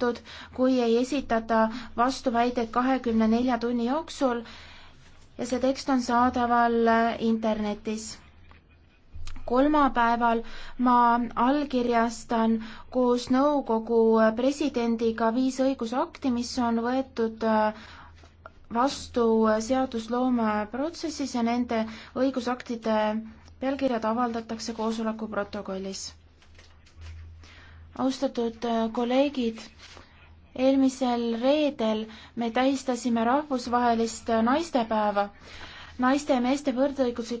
lükatud, kui ei esitata vastuväiteid kahekümne nelja tunni jooksul ja see tekst on saadaval internetis. kolmapäeval ma allkirjastan koos nõukogu presidendiga viis õigusakti, mis on võetud äh, vastu seadusloome protsessis ja nende õigusaktide pealkirjad avaldatakse koosoleku protokollis austatud äh, kolleegid, eelmisel reedel me tähistasime rahvusvahelist äh, naistepäeva. naiste ja meeste võrdõiguslik-.